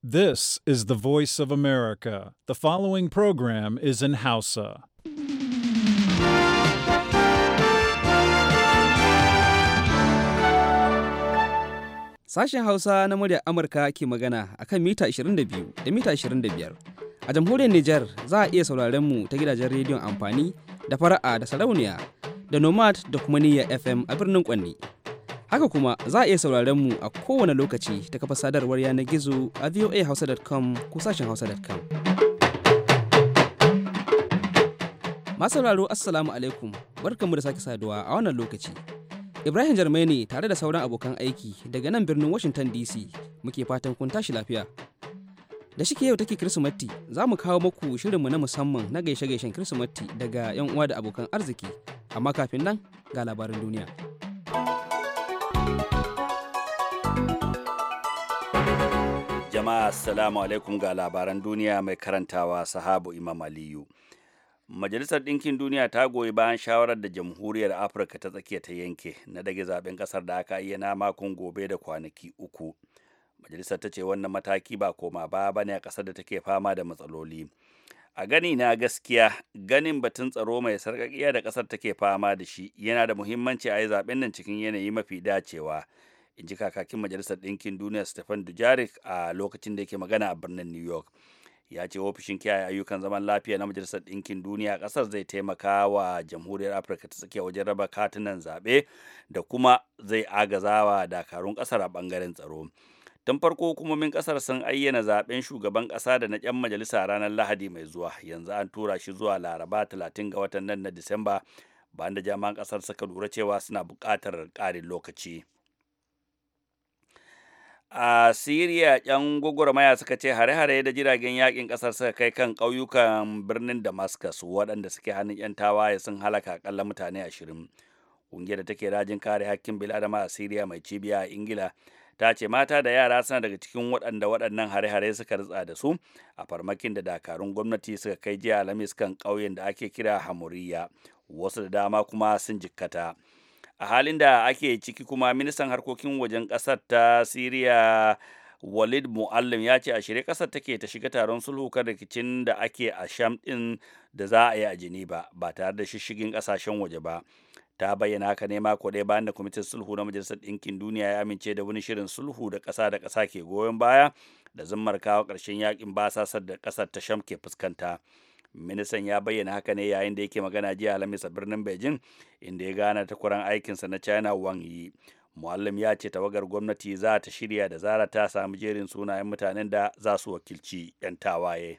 This is the voice of America. The following program is in Hausa. Sashen Hausa na muryar Amurka ke magana akan mita 22 da mita 25. A jamhuriyar Nijar za a iya sauraren mu ta gidajen rediyon amfani da fara'a da sarauniya da nomad da kuma niyya FM a birnin Kwanni. Haka kuma za a iya sauraren mu a kowane lokaci ta kafa sadarwar yanar gizo a voahausa.com ko sashen hausa.com. Masu sauraro Assalamu alaikum, mu da sake saduwa a wannan lokaci. Ibrahim Jarmai ne tare da sauran abokan aiki daga nan birnin Washington DC muke fatan kun tashi lafiya. Da shike yau take Kirsimati, za mu kawo muku shirinmu na musamman na gaishe-gaishen Kirsimati daga 'yan uwa da abokan arziki, amma kafin nan ga labarin duniya. jama'a assalamu alaikum ga labaran duniya mai karantawa sahabu imam aliyu majalisar ɗinkin duniya ta goyi bayan shawarar da jamhuriyar afirka ta tsakiya ta yanke na dage zaben ƙasar da aka iya ayyana makon gobe da kwanaki uku majalisar ta ce wannan mataki ba koma ba ne a ƙasar da take fama da matsaloli a gani na gaskiya ganin batun tsaro mai sarƙaƙiya da ƙasar take fama da shi yana da muhimmanci a yi zaben nan cikin yanayi mafi dacewa in ji kakakin majalisar ɗinkin duniya stephen dujarik a lokacin da yake magana a birnin new york ya ce ofishin kiyaye ayyukan zaman lafiya na majalisar ɗinkin duniya ƙasar zai taimaka wa jamhuriyar afirka ta tsakiya wajen raba katunan zaɓe da kuma zai agazawa dakarun ƙasar a ɓangaren tsaro tun farko hukumomin ƙasar sun ayyana zaɓen shugaban ƙasa da na ƴan majalisa ranar lahadi mai zuwa yanzu an tura shi zuwa laraba talatin ga watan nan na disamba bayan da jami'an ƙasar suka lura cewa suna buƙatar ƙarin lokaci. a siriya yan gwagwarmaya suka ce hare-hare da jiragen yakin kasar suka kai kan ƙauyukan birnin damascus waɗanda suke hannun 'yan tawaye sun halaka akalla mutane ashirin ƙungiyar da take rajin kare hakkin bil'adama a siriya mai cibiya a ingila ta ce mata da yara suna daga cikin waɗanda waɗannan hare-hare suka rutsa da su a farmakin da dakarun gwamnati suka kai jiya alamis kan ƙauyen da ake kira hamuriya wasu da dama kuma sun jikkata a halin da ake ciki kuma ministan harkokin wajen ƙasar ta siriya walid muallim ya ce a shirye ƙasar take ta shiga taron sulhu kan rikicin da ake a sham ɗin da za a yi a geneva ba tare da shishigin ƙasashen waje ba ta bayyana haka ne mako ɗaya bayan da kwamitin sulhu na majalisar ɗinkin duniya ya amince da wani shirin sulhu da ƙasa da ƙasa ke goyon baya da zummar kawo ƙarshen yakin basasar da ƙasar ta sham ke fuskanta ministan ya bayyana haka ne yayin da yake magana jiya alhamis a birnin beijing inda ya gana kuran aikinsa na china wang yi muallim ya ce tawagar gwamnati za ta shirya da zara ta sami jerin sunayen mutanen da za su wakilci 'yan tawaye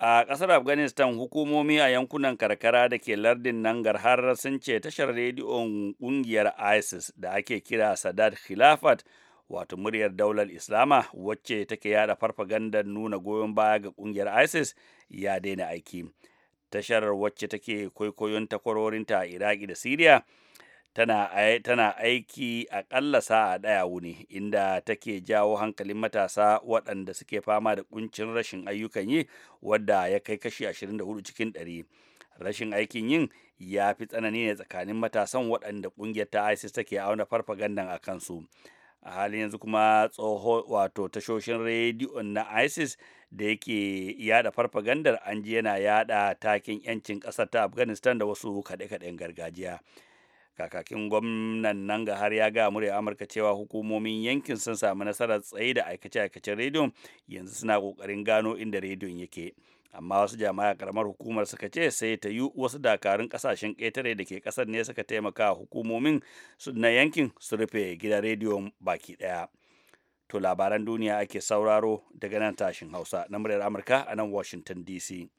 a ƙasar afghanistan hukumomi a yankunan karkara da ke lardin nangar har sun ce tashar rediyon ƙungiyar isis da ake kira sadat khilafat wato muryar daular islama wacce take yada farfagandar nuna goyon baya ga kungiyar isis ya daina aiki tashar wacce take kwaikwayon takwarorinta a iraki da siriya tana, tana aiki aƙalla sa'a daya wuni inda take jawo hankalin matasa waɗanda suke fama da kuncin rashin ayyukan yi wadda ya kai kashi 24 cikin 100 rashin aikin yin ya fi tsanani ne tsakanin matasan waɗanda ƙungiyar ta isis take auna farfagandan a kansu. su a halin yanzu kuma tsoho wato tashoshin rediyon na isis da yake yada farfagandar an ji yana yada takin yancin kasar ta afghanistan da wasu kaɗe-kaɗen gargajiya kakakin gwamnan nan ga har ya ga murya amurka cewa hukumomin yankin sun samu nasarar tsaye da aikace-aikacen rediyon yanzu suna ƙoƙarin gano inda rediyon yake amma wasu jami'a karamar hukumar suka ce sai ta yi wasu dakarun kasashen ƙetare da ke ƙasar ne suka taimaka hukumomin na yankin su rufe gidan rediyo baki ɗaya to labaran duniya ake sauraro daga nan tashin hausa na muryar amurka a nan washington dc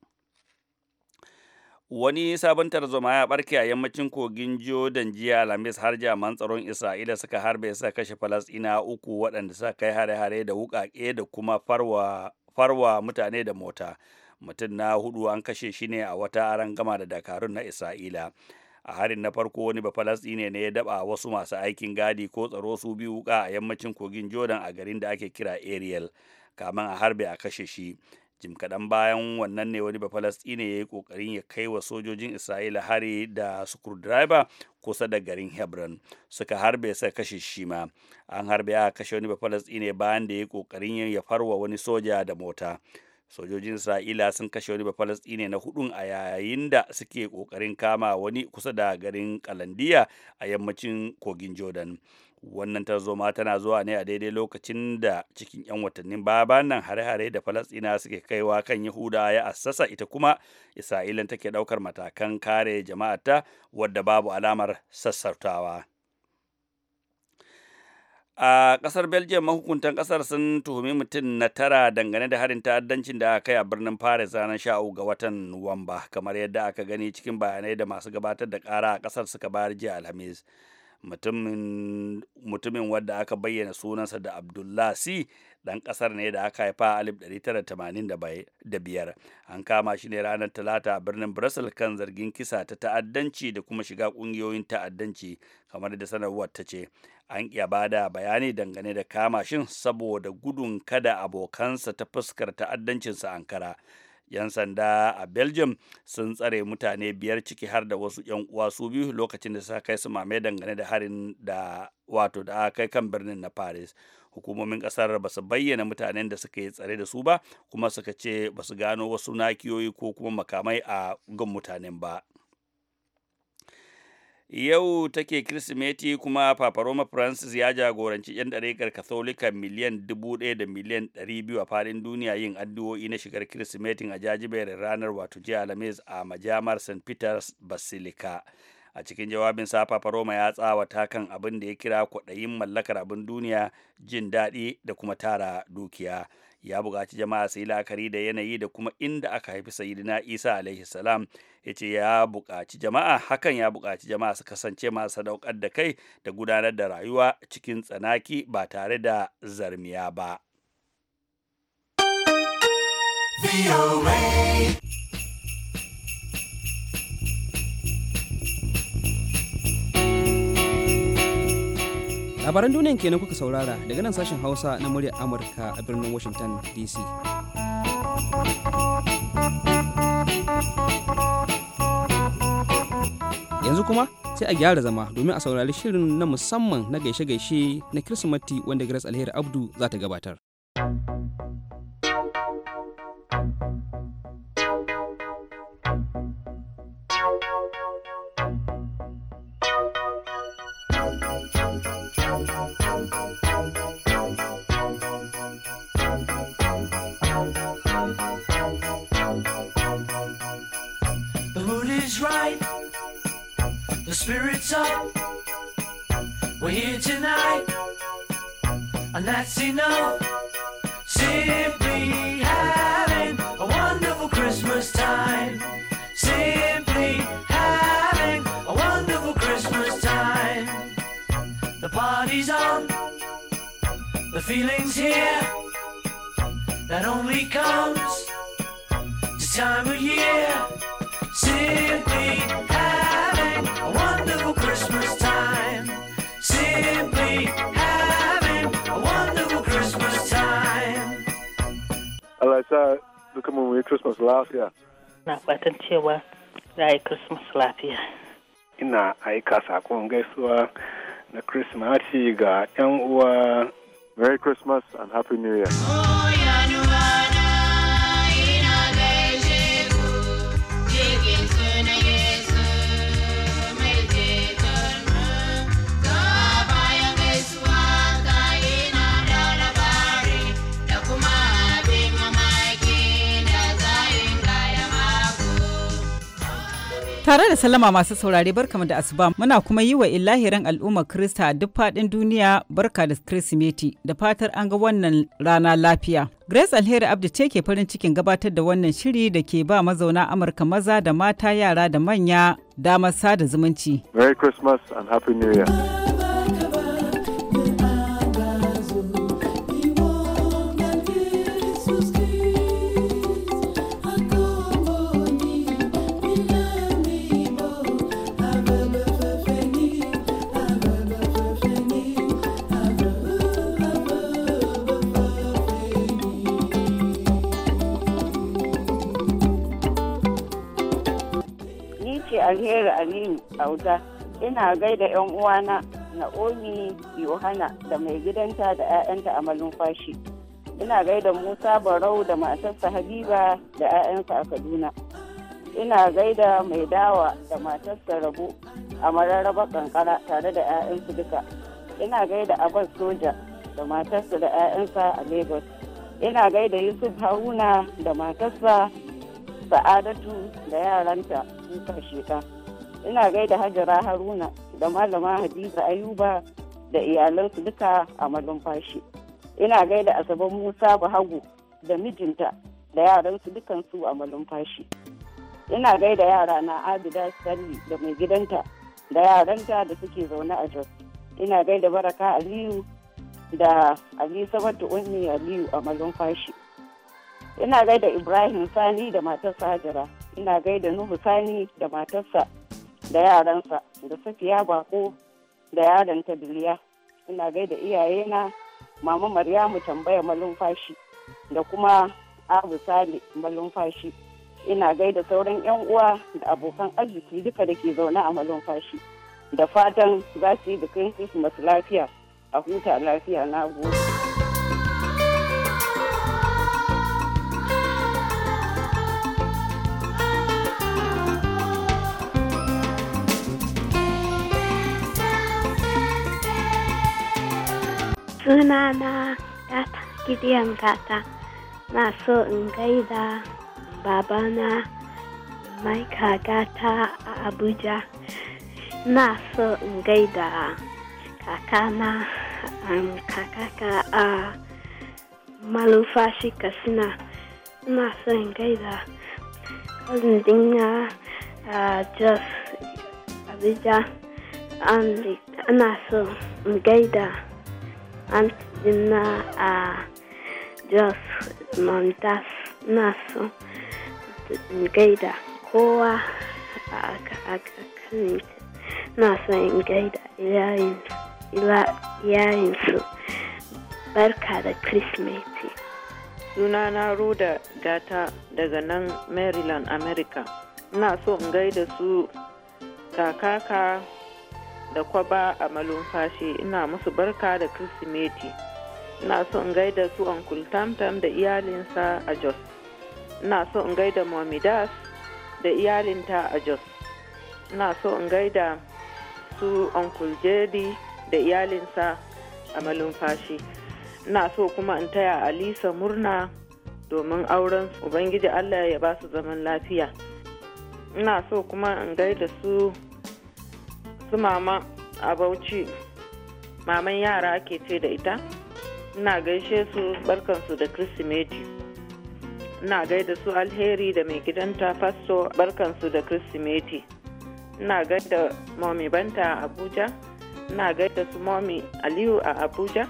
wani sabon tarzoma ya barke a yammacin kogin jordan jiya alhamis har jaman tsaron isra'ila suka harbe suka kashe falasɗina uku waɗanda suka kai hare-hare da wuƙaƙe da kuma farwa mutane da mota mutum na hudu an kashe shi ne a wata aran gama da dakarun na isra'ila a harin na farko wani bafalastine ne ya daba wasu masu aikin gadi ko tsaro su biyu wuka a yammacin kogin jordan a garin da ake kira ariel kamin a harbe a kashe shi jim kaɗan bayan wannan ne wani bafalastine ya yi ƙoƙarin ya kai wa sojojin isra'ila hari da screwdriver kusa da garin hebron suka harbe suka kashe shi ma an harbe a kashe wani bafalastine bayan da ya yi ƙoƙarin ya farwa wani soja da mota sojojin isra'ila sun kashe wani bafalastine na hudun a yayin da suke kokarin kama wani kusa da garin kalandiya a yammacin kogin jordan wannan ta tarzoma tana zuwa ne a daidai lokacin da cikin 'yan watannin baya nan hare-hare da falastina suke kaiwa kan yahuda ya assasa ita kuma isra'ilan take daukar matakan kare jama'ata wadda babu alamar sassautawa a kasar belgium mahukuntan kasar sun tuhumi mutum na tara dangane da harin ta'addancin da aka kai a birnin paris ranar sha ga watan nuwamba kamar yadda aka gani cikin bayanai da masu gabatar da kara a kasar suka bayar jiya alhamis mutumin wadda aka bayyana sunansa da abdullasi dan kasar ne da aka haifa a biyar. an kama shi ne ranar talata a birnin brussels kan zargin kisa ta ta'addanci da kuma shiga ƙungiyoyin ta'addanci kamar da sanarwar ta ce an iya bada bayani dangane da kama shin saboda gudun kada abokansa ta fuskar ta'addancinsa ankara 'yan sanda a belgium sun tsare mutane biyar ciki har da wasu 'yan uwa su biyu lokacin da suka kai su mame dangane da harin da wato da kai kan birnin na paris hukumomin kasar ba su bayyana mutanen da suka yi tsare da su ba kuma suka ce ba su gano wasu nakiyoyi ko kuma makamai a gun mutanen ba yau take kirsimeti kuma papa roma francis ya jagoranci 'yan ɗarekar katholika miliyan dubu ɗaya da miliyan ɗari biyu a faɗin duniya yin addu'o'i na shigar kirsimetin a jajiberin ranar wato jiya alhamis a majamar st peters basilica a cikin jawabin sa papa roma ya tsawata kan abin da ya kira kwaɗayin mallakar abin duniya jin daɗi da kuma tara dukiya ya buƙaci jama'a su yi la'akari da yanayi da kuma inda aka haifi sayyidina isa alaihi salam ya ce ya buƙaci jama'a hakan ya buƙaci jama'a su kasance masu sadaukar da kai da gudanar da rayuwa cikin tsanaki ba tare da zarmiya ba. labaran duniyan kenan kuka saurara daga nan sashen hausa na muryar amurka a birnin washington dc yanzu kuma sai a gyara zama domin a saurari shirin na musamman na gaishe-gaishe na kirsimati wanda grace alheri abdu za ta gabatar. right. The spirit's up. We're here tonight. And that's enough. Simply having a wonderful Christmas time. Simply having a wonderful Christmas time. The party's on. The feeling's here. That only comes this time of year. Simply having a wonderful Christmas time. Simply having a wonderful Christmas time. Alisa, Look at when we Christmas last year. Na watan cewa yayi Christmas lafiya. Ina aika sakon gaisuwa na Christmas ga 'yan uwa. Merry Christmas and Happy New Year. Oh, Tare da sallama masu saurare barkamu da asuba muna kuma yi wa ilahirin al'ummar Krista a duk faɗin duniya barka da Kirsimeti da fatar an ga wannan rana lafiya. Grace Alheri Abdu ce ke farin cikin gabatar da wannan shiri da ke ba mazauna Amurka maza da mata yara da manya damar sada zumunci. Merry Christmas and Happy New Year. Alheri Aliyu Auta ina gaida 'yan uwana na Omi Yohana da mai gidanta da 'ya'yanta a malumfashi. Ina gaida Musa Barau da matarsa Habiba da 'ya'yansa a Kaduna. Ina gaida mai dawa da matarsa Rabo a mararraba kankara tare da 'ya'yansu duka. Ina gaida Abbas Soja da matarsa da 'ya'yansa a Lagos. Ina gaida Yusuf Haruna da matarsa sa'adatu da yaranta kuka sheka ina gaida hajara haruna da malama hadiza ayuba da iyalansu duka a malumfashi ina gaida asabar musa bahagu da mijinta da yaransu dukansu a malumfashi ina gaida yara na abida salli da mai gidanta da yaranta da suke zaune a jos ina gaida baraka aliyu da ali sabatu Unni aliyu a malumfashi fashi ina gaida ibrahim sani da matarsa hajara ina gaida nuhu sani da matarsa da yaransa da safiya bako da ta duniya ina gaida iyayena mama maryamu tambaya malumfashi da kuma abu sali malumfashi ina gaida sauran 'yan uwa da abokan arziki duka da ke zaune a malumfashi da fatan za su yi bikin christmas lafiya a huta lafiya na gobe. suna na yata gideon gata na so in gaida babana maika gata a abuja na so in gaida kakana kakaka a malufashi kasina na so in gaida cousin dina a jos abuja ana so in gaida antes de a jos montas nasu in gaida kowa a kan na so in gaida iyayensu barka da krismeti suna na ruda gata daga nan maryland america ina so in gaida su kakaka da kwaba a malumfashi ina musu barka da kirsimeti ina so in gaida su uncle tamtam da iyalinsa a jos ina so in gaida momidas da iyalinta a jos ina so in gaida su uncle jedi da iyalinsa a malumfashi ina so kuma in taya alisa murna domin auren ubangiji allah ya ba su zaman lafiya ina so kuma in gaida su su mama a bauchi maman yara ake ce da ita ina gaishe su barkansu da kirsimeti ina gaida su alheri da mai gidanta fasto barkansu da kirsimeti ina gaida momi banta a abuja ina gaida su momi aliyu a abuja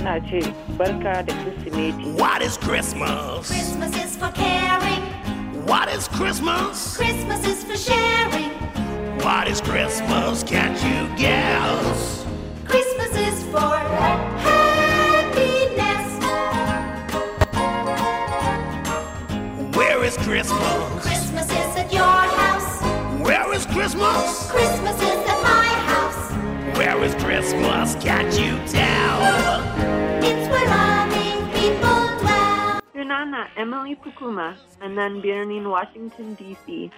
ina ce barka da kirsimeti what is christmas christmas is for caring what is christmas christmas is for sharing What is Christmas? Can't you guess? Christmas is for happiness. Where is Christmas? Christmas is at your house. Where is Christmas? Christmas is at my house. Where is Christmas? Can't you tell? It's where loving people dwell. Your Nana, Emily Pukuma, and then Biernin, Washington, D.C.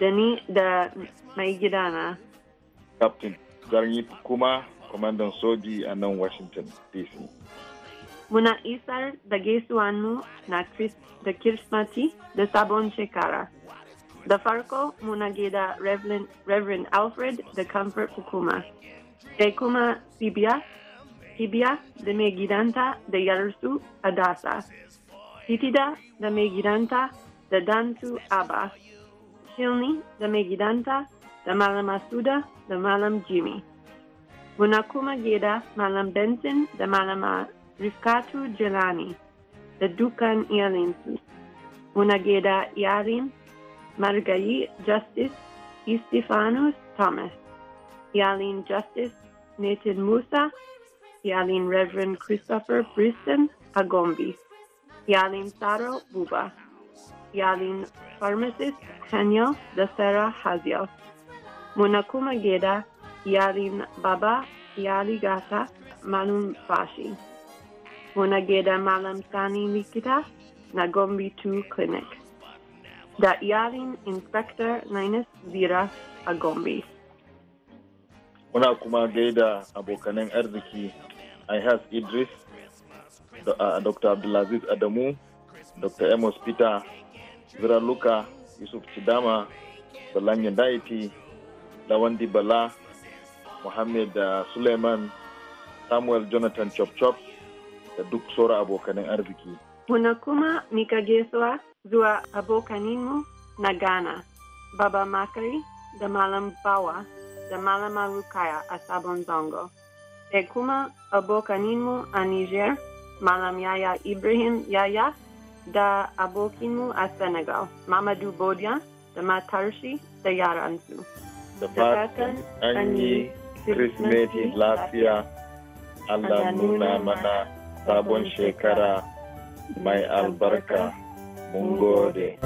dani da mai gidana. Captain Garni kuma kwamandan soji a nan Washington DC. Muna isar da gaisuwanmu na da kirsmati da sabon shekara. Da farko muna gida Reverend, Reverend Alfred da Comfort Hukuma. Da kuma Sibiya, Sibiya da mai gidanta da yarsu Adasa. Titida da mai gidanta da Dantu Abba. Hilni, the Megidanta, the Malam Asuda, the Malam Jimmy. Munakuma Geda, Malam Benson, the Malama Rifkatu Jelani, the Dukan Ialinsu. Munageda Yarin, Margai Justice, Istifanus Thomas. Yalin Justice, Nathan Musa, Yalin Reverend Christopher Briston Agombi, Yalin Saro Buba. Yalin Pharmacist Hanya Dasera Hazia. Munakuma Geda Yalin Baba Yali Gasa Malum Fashi. Munageda Malam Sani Nikita Nagombi 2 Clinic. Da Yalin Inspector Nines Zira Agombi. Muna kuma gaida abokanan I Ihas Idris, uh, Dr. Abdulaziz Adamu, Dr. Amos Peter Zira Luka, Yusuf Chidama, Balan daiti Lawandi Bala, Muhammad uh, Suleiman, Samuel Jonathan Chop Chop da duk sora abokanin arziki. Muna kuma mika gaisuwa zuwa abokaninmu na Ghana, Baba Makari da Malam Bawa da malam Rukaya a Sabon Zango. Da e kuma abokaninmu a Niger, Malam Yaya Ibrahim Yaya da abokinmu a Senegal, Mamadou bodia da Matarshi, da yaransu. Da fatan an yi kirismeti lafiya, Allah nuna mana sabon shekara mai albarka mun gode.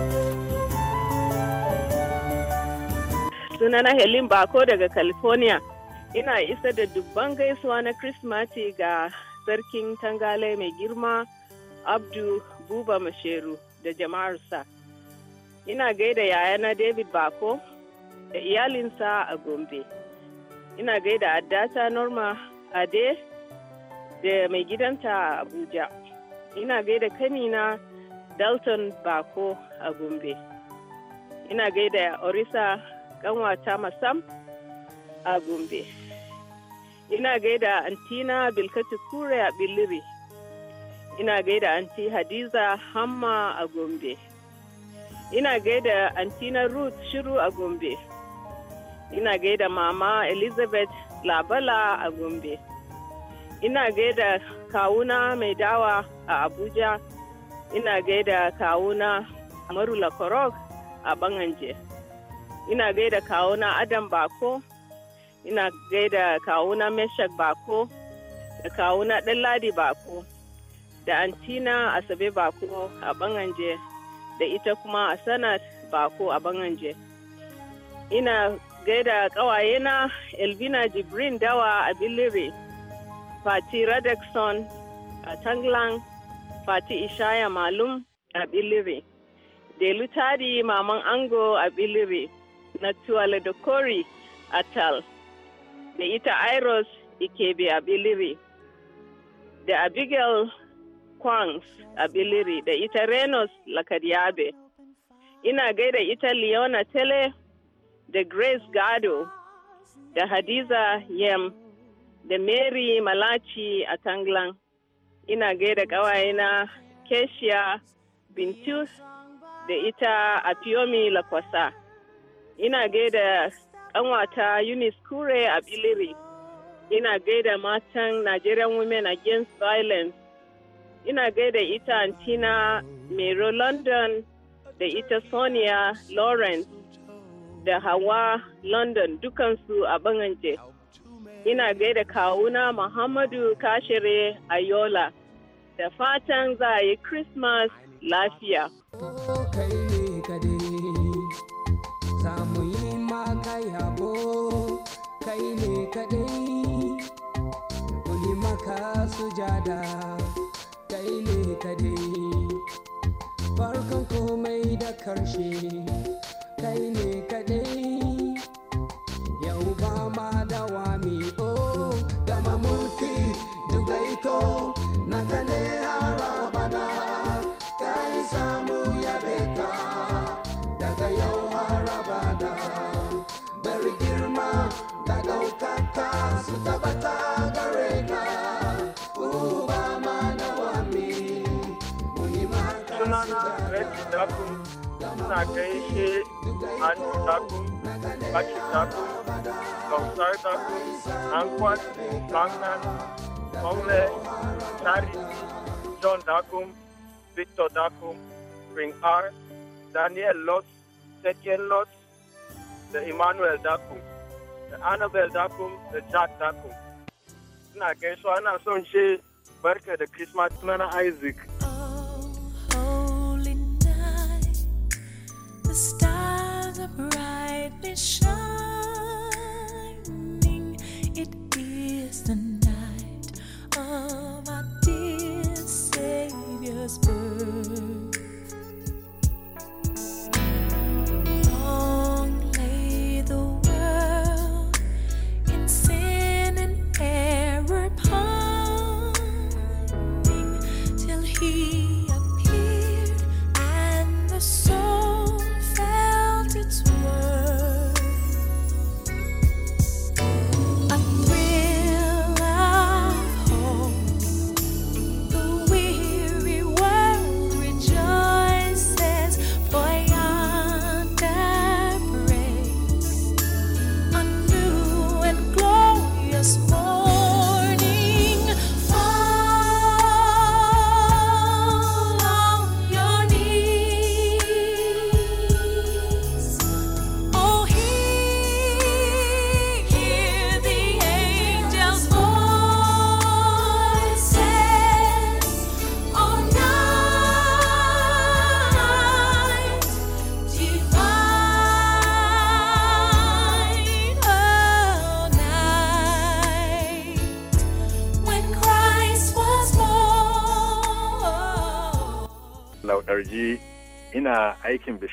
Sunana Helin Bako daga California, ina isa da dubban gaisuwa na Kirsimati ga sarkin tangale mai girma Abdu Buba Masheru da jama'arsa. Ina gaida yayana David Bako da iyalinsa a Gombe. Ina gaida Addata Norma Ade da mai gidanta a Abuja. Ina gaida kanina Dalton Bako a Gombe. Ina gaida Orisa Ganwata Masam a Gombe. Ina gaida Antina Bilkatu Kure a Biliri. ina gaida anti hadiza hamma a gombe ina gaida antina ruth shiru a gombe ina gaida mama elizabeth labala a gombe ina gaida kawuna mai dawa a abuja ina gaida kawuna marula korok a banganje ina gaida kawuna adam bako ina gaida kawuna meshak bako da kawuna ɗanladi bako da antina asabe bako a banganje da ita kuma a sanat bako a banganje ina gaida ƙawayena elvina jibrin dawa a bilire fati radekson a tanglan fati ishaya malum a bilire delu tari maman ango a bilire na tuwale da kori a tal da ita iros ikebe a bilire da abigail Kwangs a Biliri da ita Renos Lakadiabe. Ina gaida ita Leona Tele da Grace Gado da Hadiza Yem da Mary Malachi a Tanglan. Ina gaida ƙawayena keshia Bintus da ita Apiomi Lakwasa. Ina gaida ƙanwata Eunice Kure a Biliri. Ina gaida matan Nigerian Women Against Violence ina gaida ita antina Mero London da ita Sonia Lawrence da Hawa London dukansu a Banganje. Ina gaida kawuna Muhammadu Kashire Ayola da fatan za a yi Christmas lafiya. Kai ne kaɗai, kuli maka sujada. ka farkon komai da karshe kai ne kadai yau ba ma dawami o gama mulki dubai na ka ne harabana kai samu ya daga yau harabana bari girma da ɗaukaka su tabbata yakinakum suna gaishe hannu takum baki takum kausar takum ankwat magnan onle charity john takum victor takum spring r daniel lot Tchien lot da emmanuel takum da annabel takum da jack takum suna gaisuwa ana son shi barka da christmas sunana isaac so brightly shining. It is the night of our dear Savior's birth.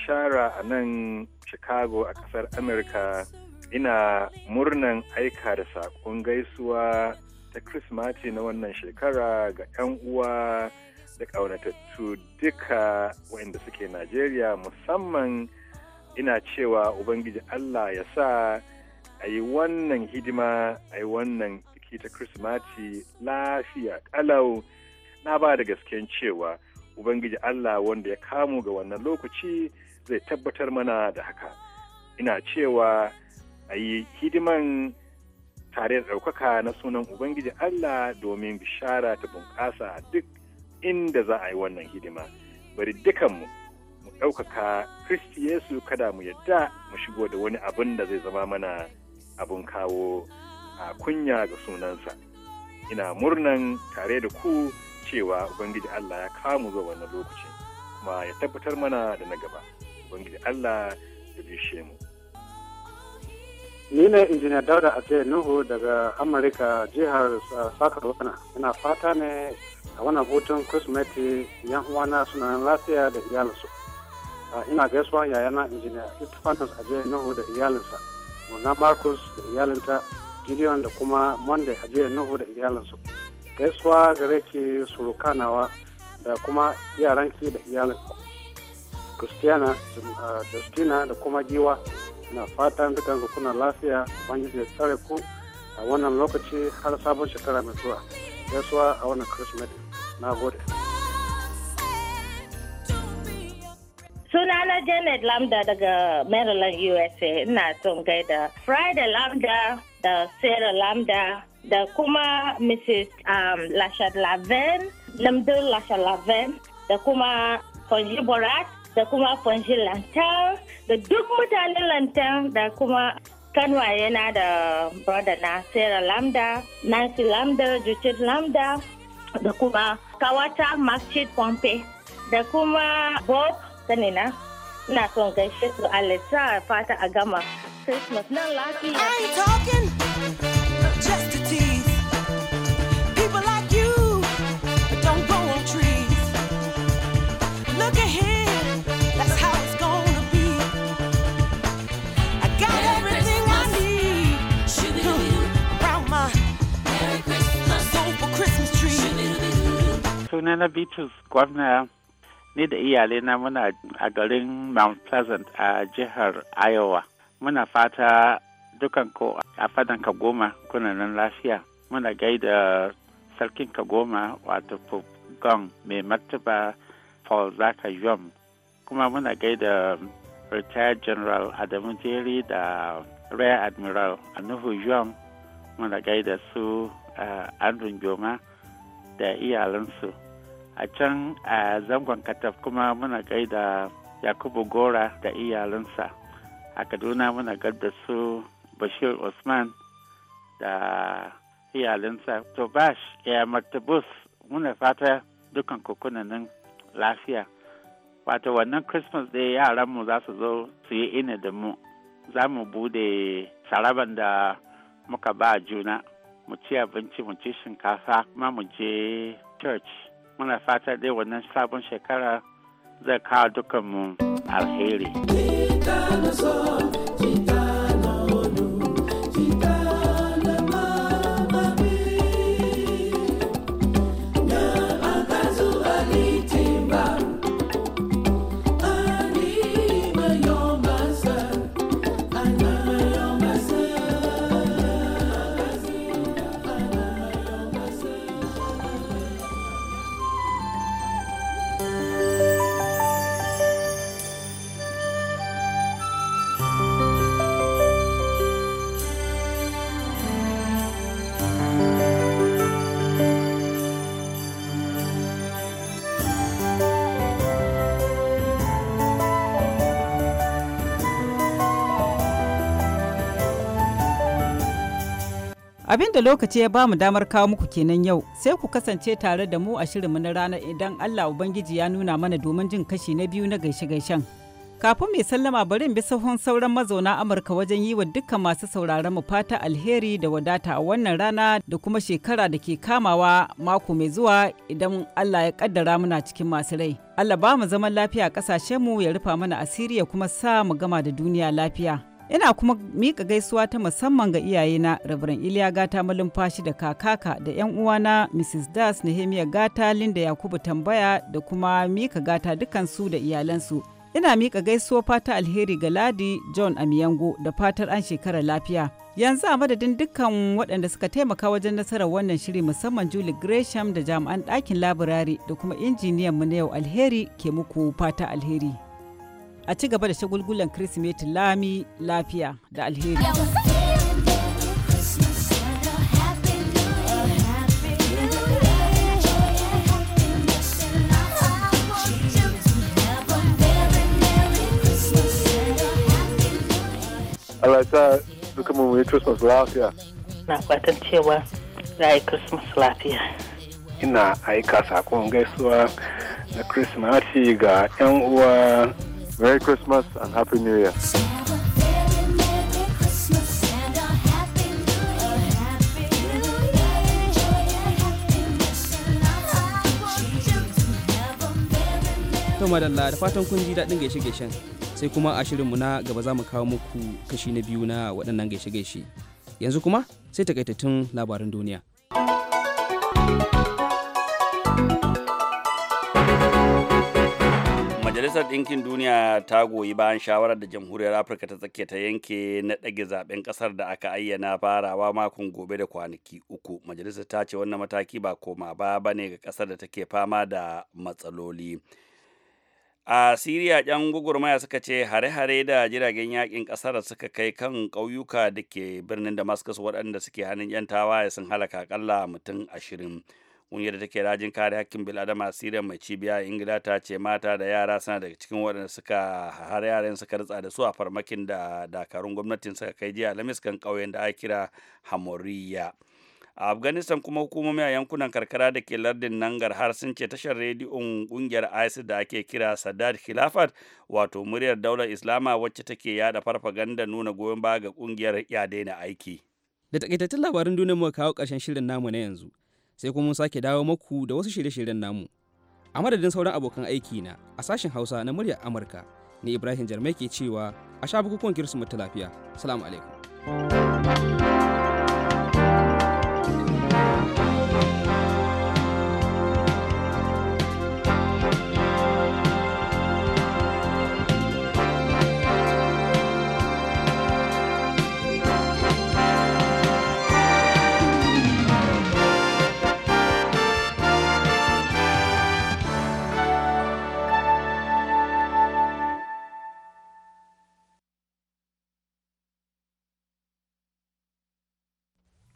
bishara a nan Chicago a ƙasar Amurka ina murnan aika da saƙon gaisuwa ta Christmas na wannan shekara ga 'yan uwa da ƙaunatattu duka waɗanda suke Najeriya musamman ina cewa Ubangiji Allah ya sa a yi wannan hidima a yi wannan biki ta Kirsimati lafiya ƙalau na ba da gasken cewa Ubangiji Allah wanda ya kamu ga wannan lokaci zai tabbatar mana da haka ina cewa a yi hidiman tare da ɗaukaka na sunan ubangiji allah domin bishara ta bunƙasa a duk inda za a yi wannan hidima bari dukanmu mu ɗaukaka kristi yesu kada mu yadda mu shigo da wani abin da zai zama mana abin kawo a kunya ga sunansa ina murnan tare da ku cewa ubangiji allah ya kamu zuwa wannan lokacin kuma ya tabbatar mana da na gaba. ubangiji Allah ya bishe mu ni ne injiniya dauda a nuhu daga amurka jihar sakarwana ina fata ne a wannan hutun kirsimeti yan uwana suna lafiya da iyalinsu ina gaisuwa yayana injiniya istifanus a nuhu da iyalinsa mona marcus da iyalinta gideon da kuma monday a nuhu da iyalinsu gaisuwa gare ki surukanawa da kuma yaranki da iyalinsu Christiana eh, Justina da kuma Giwa na fatan dukansu kuna lafiya Ubangiji ya tsare ku a wannan lokaci har sabon shekara mai zuwa gaisuwa a wannan Christmas na gode. na Janet Lambda daga Maryland, USA. Ina son gaida Friday Lambda da Sarah Lambda da kuma Mrs. Um, Lashad Laven, Lamdo Lashad Laven da kuma Konji Borat da kuma fonshin lantar da duk mutanen lantar da kuma kanwaye na da brother na sarah lambda nancy lambda judith lambda da kuma kawata masjid pompe da kuma bob sanina ina son gaishe su alisa fata a gama christmas nan lafiya sunana Bitrus gwamna ni da iyalena muna a garin Mount Pleasant a jihar Iowa. Muna fata dukan ko a fadan Kagoma kuna nan lafiya. Muna gaida sarkin Kagoma wato Pope Gong mai martaba Paul Zaka Yom. Kuma muna gaida retired General Adamu jerry da Rear Admiral Anuhu Yom. Muna gaida su eh, Andrew Joma da iyalansu. a can a zangon kataf kuma muna gaida yakubu gora da iyalinsa a kaduna muna gaida su bashir usman da iyalinsa to bash ya martabus muna fata dukan kukunanin lafiya wato wannan christmas yaran mu za su zo su yi ina da mu za mu bude saraban da muka ba juna mu ci abinci mu ci shinkafa kuma mu je church muna fata dai wannan sabon shekara zai kawo mu alheri. Abin da lokaci ya ba mu damar kawo muku kenan yau sai ku kasance tare da mu a shirinmu na rana idan Allah Ubangiji ya nuna mana domin jin kashi na biyu na gaishe-gaishen. Kafin mai sallama bari in bi sahun sauran mazauna Amurka wajen yi wa dukkan masu sauraron mu fata alheri da wadata a wannan rana da kuma shekara da ke kamawa mako mai zuwa idan Allah ya kaddara muna cikin masu rai. Allah ba mu zaman lafiya kasashen mu ya rufa mana asiri ya kuma sa mu gama da duniya lafiya. Ina kuma miƙa gaisuwa ta musamman ga iyayena Reverend Iliya Gata Malumfashi da kakaka da 'yan uwana Mrs. Das Nehemiya Gata Linda Yakubu Tambaya da kuma Mika Gata dukansu da iyalansu. Ina miƙa gaisuwa fata alheri ga Ladi John Amiyango da fatar an shekara lafiya. Yanzu a madadin dukkan waɗanda suka taimaka wajen nasarar wannan shiri musamman Julie Gresham da jami'an ɗakin labirari da kuma injiniyan mu na yau alheri ke muku fata alheri. a ci gaba da shagulgulan kirsimeti lami lafiya da alheri Allah sa duka mu yi Christmas lafiya. Na fatan cewa za a yi Christmas lafiya. Ina aika sakon gaisuwa na Christmas ga 'yan uwa Merry Christmas and Happy New Year. To madalla da fatan kun ji daɗin gaishe-gaishen sai kuma a shirinmu na gaba za mu kawo muku kashi na biyu na waɗannan gaishe-gaishe. Yanzu kuma sai takaitattun labaran duniya. Majalisar Ɗinkin Duniya ta goyi bayan shawarar da Jamhuriyar Afirka ta tsakiya ta yanke na ɗage zaben ƙasar da aka ayyana farawa makon gobe da kwanaki uku. Majalisar ta ce wannan mataki ba koma ba ne ga ƙasar da take fama da matsaloli. a siriya yan gugurmaya suka ce hare-hare da jiragen yakin ƙasar suka kai kan ƙauyuka da ke birnin damascus waɗanda suke hannun yan tawaye sun halaka akalla mutum ashirin ƙungiyar da take rajin kare hakkin adama siriya mai cibiya ingila ta ce mata da yara suna daga cikin wadanda suka har yaran suka rutsa da su a farmakin da dakarun gwamnatin suka kai jiya lamis kan ƙauyen da ake kira hamoriya a afghanistan kuma hukumomi a yankunan karkara da ke lardin nangar har sun ce tashar rediyon kungiyar isis da ake kira sadad khilafat wato muryar daular islama wacce take yada farfaganda nuna goyon baya ga kungiyar ya daina aiki da takaitattun labarin duniya muka kawo karshen shirin namu na yanzu sai kuma mun sake dawo maku da wasu shirye-shiryen namu a madadin sauran abokan aiki na a sashen hausa na muryar amurka ni ibrahim jarmai ke cewa a sha bukukuwan kirsimeti lafiya salamu alaikum